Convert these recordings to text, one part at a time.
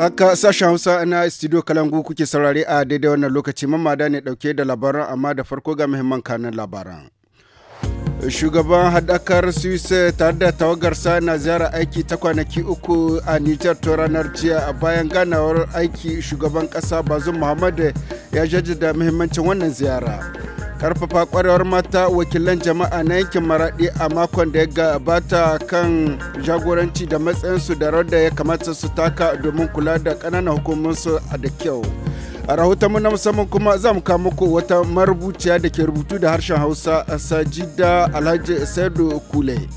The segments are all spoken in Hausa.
Aka sashen Hausa na studio Kalangu kuke saurare a daidai wannan lokaci mamada ne dauke da labaran amma da farko ga muhimman kanan labaran. Shugaban hadakar Swiss tare da tawagarsa na ziyara aiki ta kwanaki uku a Nijar ta ranar jiya a bayan ganawar aiki shugaban ƙasa Bazum Muhammad ya jaddada muhimmancin wannan ziyara. karfafa kwarewar mata wakilan jama'a na yankin maraɗi a makon da ya gabata kan jagoranci da matsayinsu da rar da ya kamata su taka domin kula da ƙananan hukumunsu a da kyau a rahoton na musamman kuma za mu kawo muku wata marubuciya da ke rubutu da harshen hausa a sajida alhaji saidu kule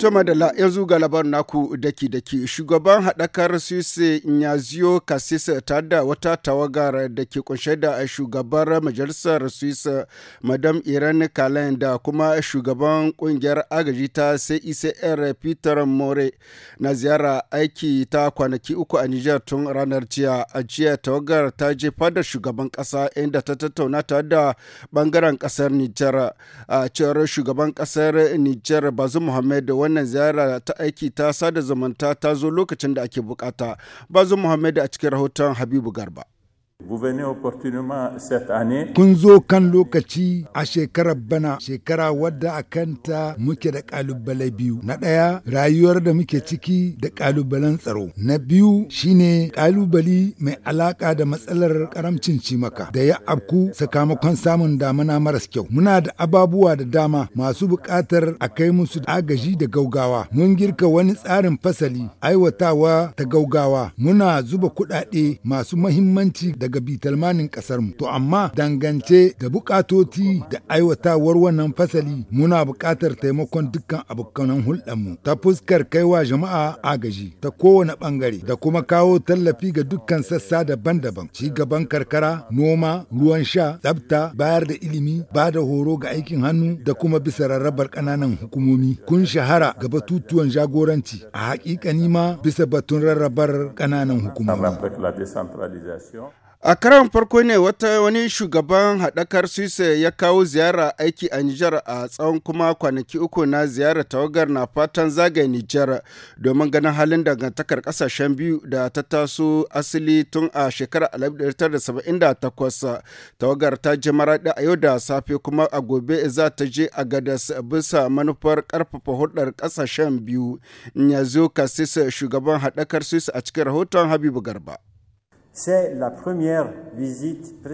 To madalla yanzu ga labar naku daki-daki shugaban haɗakar Sise nyazio kasis ta da wata tawagar da ke kunshe da shugabar majalisar Sise Madam Irene Kalen da kuma shugaban kungiyar agaji ta CICR e Peter More na ziyara aiki ta kwanaki uku a Nijar tun ranar jiya. A jiya tawagar ta je fadar shugaban ƙasa inda ta tattauna ta da bangaren kasar Nijar. A cewar shugaban kasar Nijar Bazu Muhammad wani wannan ziyara ta aiki ta sada zumunta ta zo lokacin da ake bukata. Bazu muhammadu a cikin rahoton Habibu Garba. Kun zo kan lokaci a shekarar bana, shekara wadda a kanta muke da ƙalubale biyu. Na ɗaya, rayuwar da muke ciki da ƙalubalen tsaro. Na biyu shine ƙalubali mai alaƙa da matsalar ƙaramcin cimaka da ya abku sakamakon samun damana maras kyau. Muna da ababuwa da dama masu buƙatar a kai musu agaji da gaugawa. Mun girka wani tsarin fasali, aiwatawa ta gaugawa. Muna zuba kuɗaɗe masu mahimmanci da daga bitalmanin ƙasarmu. To amma dangance da bukatoti da aiwatawar wannan fasali muna bukatar taimakon dukkan abokanan hulɗarmu ta fuskar kaiwa jama'a agaji ta kowane ɓangare da kuma kawo tallafi ga dukkan sassa daban-daban. Ci gaban karkara, noma, ruwan sha, tsafta, bayar da ilimi, ba da horo ga aikin hannu da kuma bisa rarrabar ƙananan hukumomi. Kun shahara ga batutuwan jagoranci a hakika ma bisa batun rarrabar ƙananan hukumomi. A karan farko ne wata wani shugaban haɗakar Suisse ya kawo ziyara aiki a Nijar a tsawon kuma kwanaki uku na ziyara tawagar na fatan zagaye Nijar domin ganin halin dangantakar ƙasashen biyu da ta taso asali tun a shekarar 1978. Tawagar ta ji maraɗi a yau da safe kuma a gobe za ta je a gadas bisa manufar ƙarfafa hulɗar kasashen biyu. in Nyazo Kassis shugaban haɗakar Suisse a cikin rahoton Habibu Garba.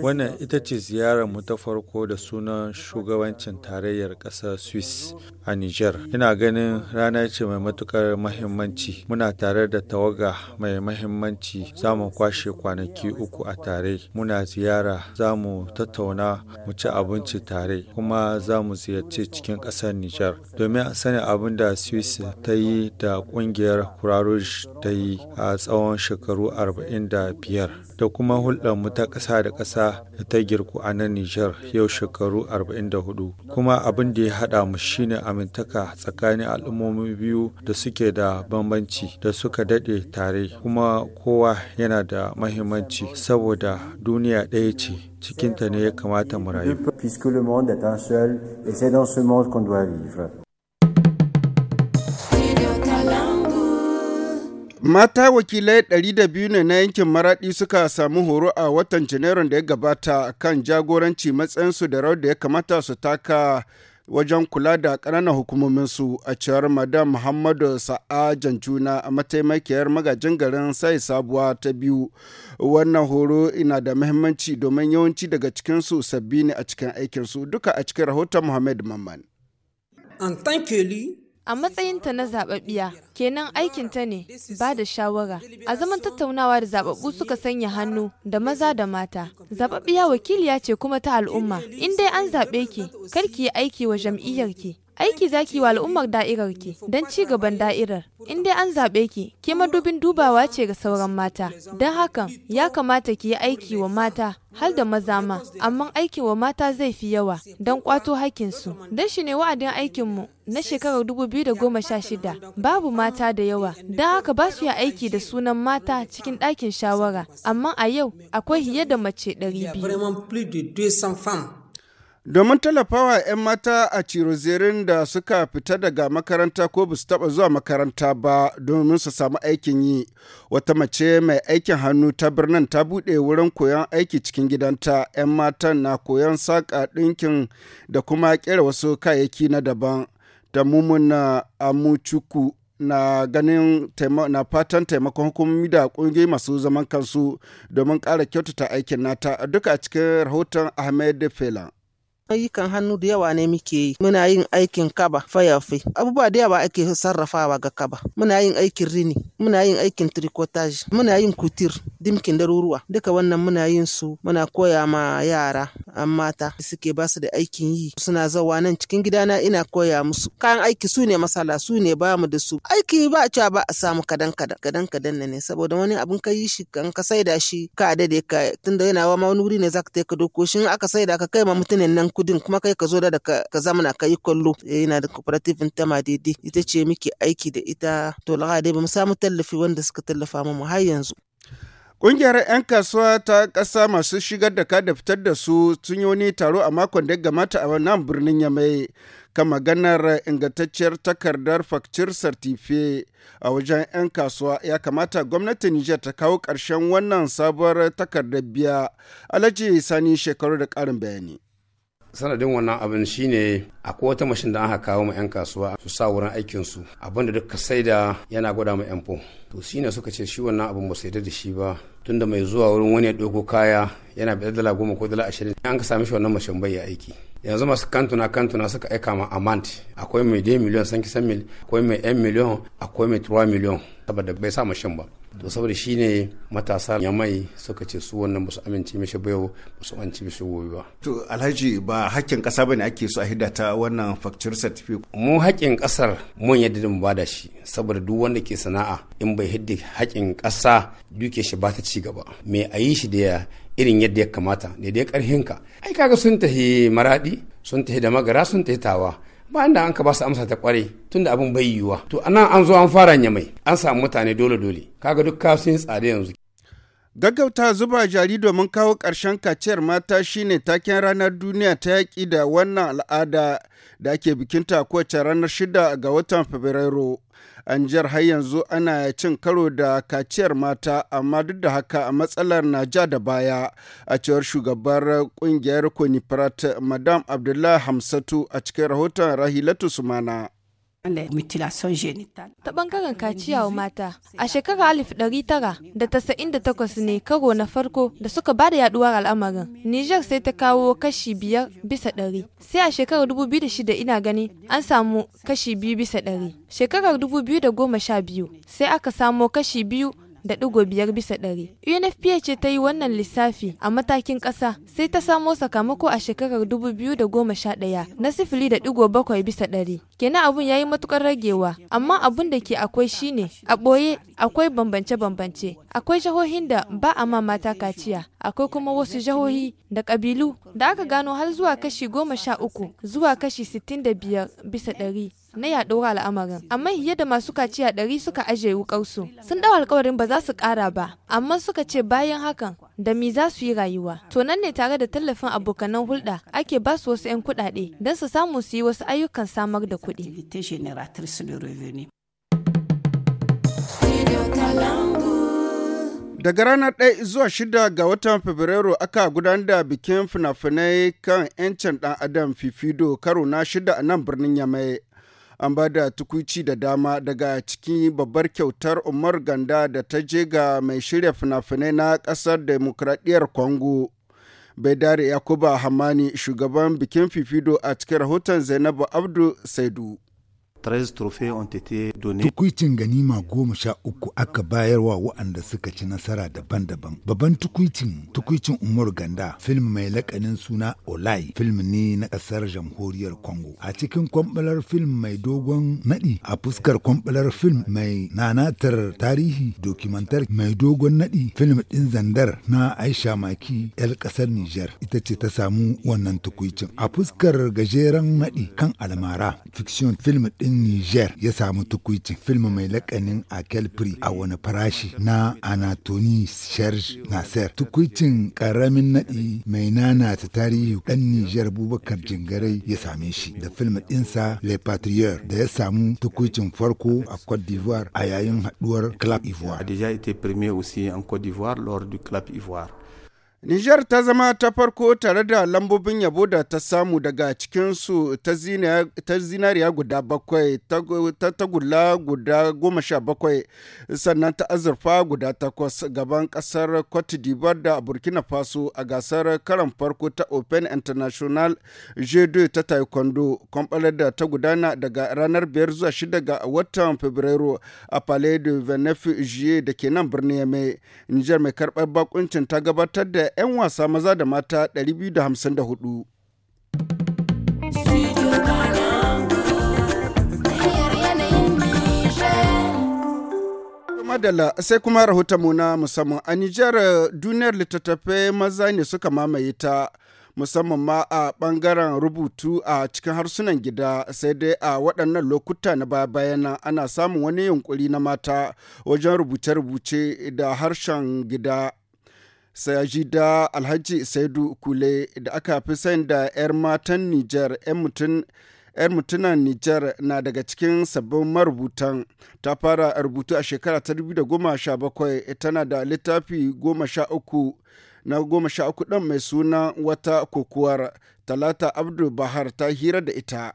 Wannan ita ce ziyarar mu ta farko da sunan shugabancin tarayyar ƙasar Swiss a Niger. Ina ganin rana ce mai matukar mahimmanci. Muna tare da tawaga mai mahimmanci za mu kwashe kwanaki uku a tare. Muna ziyara za mu tattauna mu ci abinci tare kuma za mu ziyarci cikin ƙasar Niger. Domin a sani abin da Swiss ta yi da ƙungiyar Kurarush ta yi a tsawon shekaru arba'in da biyar. da kuma hulɗarmu ta ƙasa da ƙasa da ta girku a nan Nijar yau shekaru 44. Kuma abin da ya haɗa mu shine amintaka tsakanin al'ummomi biyu da suke da bambanci da suka daɗe tare kuma kowa yana da mahimmanci saboda duniya ɗaya ce cikinta ne ya kamata mu rayu. Mata wakilai 200 ne na yankin Maraɗi suka samu horo a watan Janairun da ya gabata kan jagoranci matsayinsu da rawar da ya kamata su taka wajen kula da ƙananan hukumominsu a cewar Madam Muhammadu Sa'a Janjuna a mataimakiyar magajin garin sai sabuwa ta biyu. Wannan horo ina da muhimmanci domin yawanci daga cikinsu sabbi ne a cikin aikinsu duka a cikin rahoton Muhammad Mamman. a matsayinta na zababbiya kenan aikinta ne ba da shawara a zaman tattaunawa da zababbu suka sanya hannu da maza da mata zababbiya wakiliya ce kuma ta al'umma in dai an zaɓe ki kar ki yi aiki wa jam'iyyar ki Aiki zaki ki wa al'ummar da'irar ki don ci gaban da'irar. In dai an zaɓe ki, ke madubin dubawa ce ga sauran mata. Don hakan, ya kamata ki yi aiki wa mata har da mazama, amma aikin wa mata zai fi yawa don kwato hakinsu, Don shi ne wa'adin aikinmu na shekarar 2016 babu mata da yawa, don haka ba su yi aiki da sunan mata cikin ɗakin shawara, amma a yau akwai hiye da mace 200. Domin tallafawa 'yan mata a cirozerin da suka fita daga makaranta ko ba su taba zuwa makaranta ba domin su samu aikin yi, wata mace mai aikin hannu ta birnin ta buɗe wurin koyon aiki cikin gidanta 'yan matan na koyon saƙa ɗinkin da kuma ƙera wasu kayayyaki na daban. Da mumuna Amuchuku na ganin na fatan taimakon hukumomi da kungiyoyi masu zaman kansu domin ƙara kyautata aikin nata duka a cikin rahoton Ahmed Fela. ayyukan hannu da yawa ne muke yi muna yin aikin kaba fayafai abubuwa da yawa ake sarrafawa ga kaba muna yin aikin rini muna yin aikin tricotage muna yin kutir dimkin daruruwa duka wannan muna yin su muna koya ma yara an mata suke ba su da aikin yi suna zawa nan cikin gidana ina koya musu kayan aiki su ne masala su ne ba mu da su aiki ba a ba a samu kadan kadan kadan kadan ne saboda wani abin ka yi shi kan ka saida shi ka dade ka tunda yana wa ma wuri ne zaka kai ka doko shin aka saida ka kai ma mutumin nan kudin kuma kai ka zo da ka zamana ka yi kwallo yana eh, da cooperative ta ma daidai ita ce muke aiki da ita to laga ba mu samu tallafi wanda suka tallafa mu har yanzu Ƙungiyar 'yan kasuwa ta ƙasa masu shigar da ka da fitar da su sun yi wani taro a makon da ya gamata a nan birnin Yamai kan maganar ingantacciyar takardar fakcir sartife a wajen 'yan kasuwa ya kamata gwamnatin Nijar ta kawo ƙarshen wannan sabuwar takardar biya. Alhaji Sani shekaru da ƙarin bayani. sanadin wannan abin shine akwai wata mashin da aka kawo ma 'yan kasuwa su sa wurin aikinsu abinda duk ka da yana gwada ma 'yan to shine suka ce shi wannan abin ba su da shi ba tunda mai zuwa wurin wani ya ɗauko kaya yana biyar dala goma ko dala ashirin an ka sami shi wannan mashin bai ya aiki yanzu masu kantuna kantuna suka aika ma amant akwai mai dai miliyon san kisan mil akwai mai yan miliyon akwai mai 3 miliyon saboda bai sa mashin ba to saboda shine matasa ya mai suka ce su wannan ba su amince mishi ba yau ba su amince mishi gobe ba to alhaji ba hakkin kasa bane ake so a hidda ta wannan facture certificate mu hakkin kasar mun yadda mu bada shi saboda duk wanda ke sana'a in bai hidda hakkin kasa duke shi ba ta ci gaba me a yi shi da irin yadda ya kamata da dai karhinka ai kaga sun tahi maradi sun tahi da magara sun tahi tawa bayan da an ka ba su amsa ta tun da abin bai yiwuwa to anan an zo an fara nyamai an samu mutane dole dole kaga duk kasu yin tsada yanzu Gaggauta zuba jari domin kawo ƙarshen kaciyar mata shine taken ranar duniya ta yaƙi da wannan al'ada da ake bikinta kowace ranar shida ga watan Fabrairu. An jihar har yanzu ana cin karo da kaciyar mata amma duk da haka a matsalar na ja da baya a cewar shugabar kungiyar Koniprat Madam Abdullahi Hamsatu a cikin rahoton Rahilatu Sumana. Ta bangaren kaciya wa mata, a shekarar 1998 ne karo na farko da suka ba da yaduwar al'amarin. Nijar sai ta kawo kashi biyar bisa ɗari. Sai a shekarar 2006 ina gani an samu kashi biyu bisa ɗari. Shekarar 2012 sai aka samo kashi biyu da ɗigo biyar bisa ɗari. UNFPA ce ta yi wannan lissafi a matakin ƙasa sai ta samo sakamako a shekarar dubu da goma sha ɗaya na sifili da ɗigo bakwai bisa ɗari. Kenan abun ya yi matuƙar ragewa amma abun da ke akwai shine a ɓoye akwai bambance-bambance akwai jahohin da ba a ma mata kaciya akwai kuma wasu jahohi da ƙabilu da aka gano har zuwa kashi goma sha uku zuwa kashi sittin da biyar bisa ɗari na yaɗuwar al'amarin amma yadda da masu kaciya ɗari suka aje wukarsu sun ɗau alkawarin ba za su ƙara ba amma suka ce bayan hakan da mi za su yi rayuwa to nan ne tare da tallafin abokanan hulɗa ake ba su wasu 'yan kuɗaɗe don su samu su yi wasu ayyukan samar da kuɗi. Daga ranar 1 zuwa 6 ga watan Fabrairu aka gudanar da bikin fina-finai kan 'yancin ɗan Adam Fifido karo na shida a nan birnin Yamai. an ba da tukuci da dama daga cikin babbar kyautar umar ganda da ta je ga mai shirya fina-finai na ƙasar demokradiyyar congo baidare yakuba hamani shugaban bikin fifido a cikin rahoton zainabu abdu saidu 13 trophées ont été donnés. Tukuicin ganima goma sha uku aka bayarwa waɗanda suka ci nasara daban-daban. Babban tukuicin tukuicin Umar Ganda film mai lakanin suna Olai film ne na ƙasar jamhuriyar Congo. A cikin kwambalar film mai dogon naɗi a fuskar kwambalar film mai nanatar tarihi dokumantar mai dogon naɗi film ɗin zandar na Aisha Maki 'yar ƙasar Nijar ita ce ta samu wannan tukuicin. A fuskar gajeren naɗi kan almara fiction film ɗin Niger ya samu film mai lakanin Akel Pri a wani farashi na Anatoni Serge Nasser. Tukuicin karamin nadi mai nana ta tarihi Niger Bubakar Jingarai ya same shi da film Insa Le Patrieur da ya samu tukuicin farko a Côte d'Ivoire a yayin haduwar Club Ivoire. A déjà été premier aussi en Côte d'Ivoire lors du Club Ivoire. Nijar ta zama ta farko tare da lambobin yabo da ta samu daga cikinsu ta zinariya guda bakwai, ta tagulla guda goma sha bakwai, sannan ta azurfa guda takwas gaban kasar Cote d'Ivoire da Burkina Faso a gasar karan farko ta Open International J2 ta Taekwondo, kwamfalar da ta gudana daga ranar biyar zuwa shida ga watan Fabrairu a Palais de Venefugie da ke nan birnin Yame. Nijar mai karbar bakuncin ta gabatar da 'yan wasa maza da mata 254. madalla sai kuma mu na musamman a Nijar duniyar littattafai maza ne suka mamaye ta musamman ma a bangaren rubutu a cikin harsunan gida sai dai a waɗannan lokuta na baya na ana samun wani yunkuri na mata wajen rubuce-rubuce da harshen gida da Alhaji Saidu Kule da aka fi sayin da 'yar matan Nijar 'yan 'yar mutunan Nijar na daga cikin sabbin marubutan ta fara rubutu a shekara ta 2017 tana da littafi 13 na 13 dan mai suna wata kokuwar Talata Abdul Bahar ta hira da ita.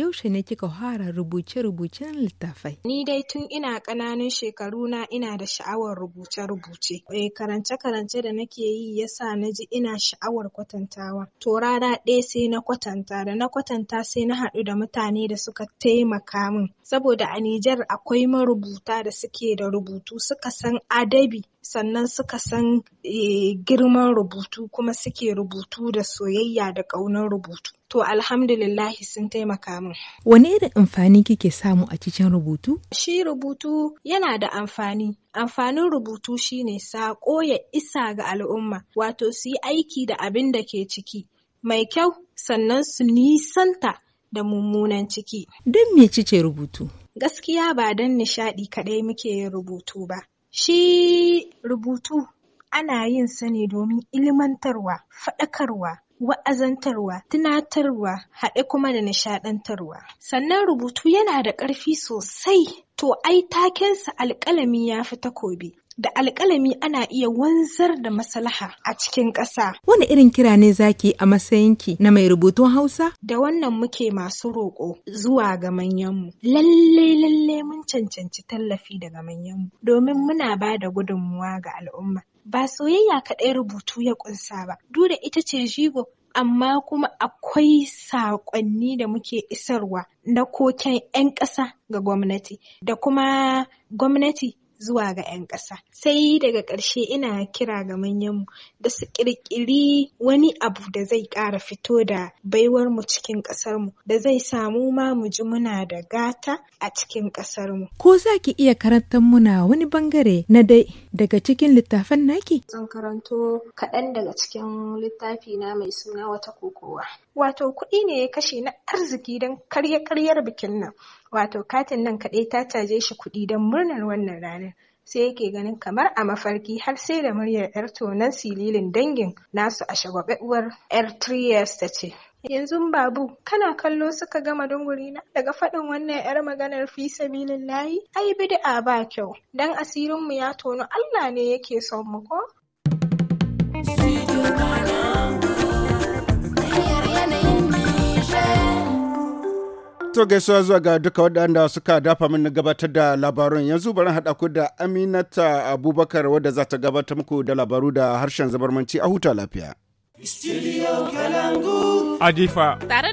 Yaushe ne kika fara rubuce-rubucen littafai? Ni dai tun ina ƙananan shekaru na ina da sha'awar rubuce-rubuce. Eh, karance-karance da nake yi yasa na ji ina sha'awar kwatantawa. To rara ɗaya sai na kwatanta da na kwatanta sai na haɗu da mutane da suka taimaka min. Saboda a Nijar akwai marubuta da suke da rubutu suka san adabi sannan suka san eh, girman rubutu kuma suke rubutu da soyayya da ƙaunar rubutu. To alhamdulillahi sun taimaka min. Wane irin amfani kike samu a cikin rubutu? Shi rubutu yana da amfani. Amfanin rubutu shine saƙo ya isa ga al'umma, wato su yi aiki da abin da ke ciki. Mai kyau sannan su nisanta da mummunan ciki. Don me cice rubutu? Gaskiya ba don nishaɗi kaɗai muke yin rubutu ba. Shi rubutu ana yin sa ne domin ilmantarwa, faɗakarwa, wa'azantarwa, tunatarwa, haɗe kuma da nishaɗantarwa. Sannan rubutu yana da ƙarfi sosai, to ai takensa alƙalami ya fi takobi. da alƙalami ana iya wanzar da maslaha a cikin ƙasa. Wani irin kira ne zaki a matsayinki na mai rubutun Hausa? Da wannan muke masu roƙo zuwa ga manyanmu. Lalle lalle mun cancanci tallafi daga manyanmu domin muna ba da gudunmuwa ga al'umma. Ba soyayya kaɗai rubutu ya ƙunsa ba, dura ita ce jigo amma kuma akwai saƙonni da muke isarwa na koken 'yan ƙasa ga gwamnati da kuma gwamnati zuwa ga 'yan ƙasa. Sai daga ƙarshe ina kira ga manyanmu da su ƙirƙiri wani abu da zai ƙara fito da baiwar mu cikin ƙasarmu da zai samu ma mu ji muna da gata a cikin ƙasarmu. Ko za ki iya karantar muna wani bangare na dai daga cikin littafin naki? Zan karanto kaɗan daga cikin littafi na mai suna wata kokowa. Wato kuɗi ne ya kashe na arziki don karya karyar bikin nan. wato katin nan kaɗai ta caje shi kuɗi don murnar wannan ranar sai yake ganin kamar a mafarki har sai da muryar 'yar tonan sililin dangin nasu a shagwabe uwar 'yar triyas ta ce yanzu babu kana kallo suka gama dunguri na daga faɗin wannan yar maganar fi sabilin layi ai bidi'a ba kyau dan asirinmu ya tono Allah ne yake son mu ko To gaisuwa zuwa ga duka waɗanda suka dafa mini gabatar da labarun yanzu bari haɗa ku da Aminata Abubakar wadda za ta gabatar muku da labaru da harshen zabarmanci a huta lafiya. Kalangu. Adifa. Tare